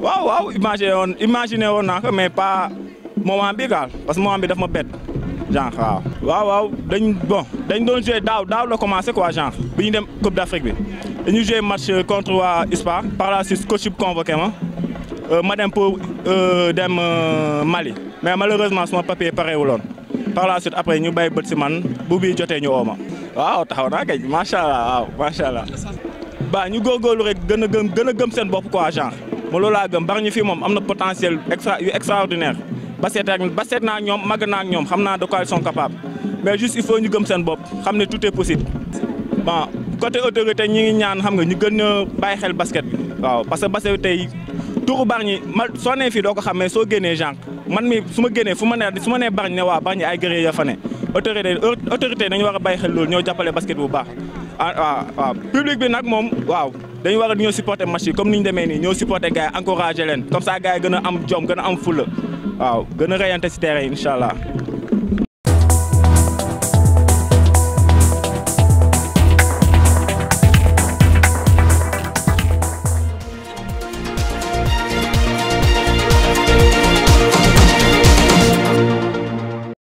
Wow waouh, imaginez on imaginez on mais pas moment bi parce que moment bi daf ma bett genre waouh, bon dañ don joué commencé quoi genre bi Coupe d'Afrique bi dañu joué match euh, contre l'ISPA, par la suite coach convoqué euh, pour euh, Mali mais malheureusement suma papier pareil. par la suite après ñu bàyyi bët si man bu bii jotee ñu oo ma taxaw naa quoi genre ma loolu laa gëm Bargny fii moom am na potentiel extra extraordinaire ba seet ak ba seet naa ñoom màgg naa ñoom de quoi ils sont capables mais juste il faut ñu gëm seen bopp xam tout est possible bon côté autorité ñi ngi ñaan xam nga ñu gën a xel basket bi waaw parce que basket tey turu Bargny ma soo nee fii doo ko xam mais soo génnee man mi suma ma fuma né suma né su né wa Bargny ay gëré ya fa né autorité autorité dañu wara a xel lool ñoo jappalé basket bu baax ah waaw ah, ah. public bi nag moom waaw dañu war a ñoo supporter match yi comme ni ñu demee nii ñëw supporter gars yi encouragé leen comme ça gën am jom gën a am fulla waaw gën a reyante si terrain yi incha allah.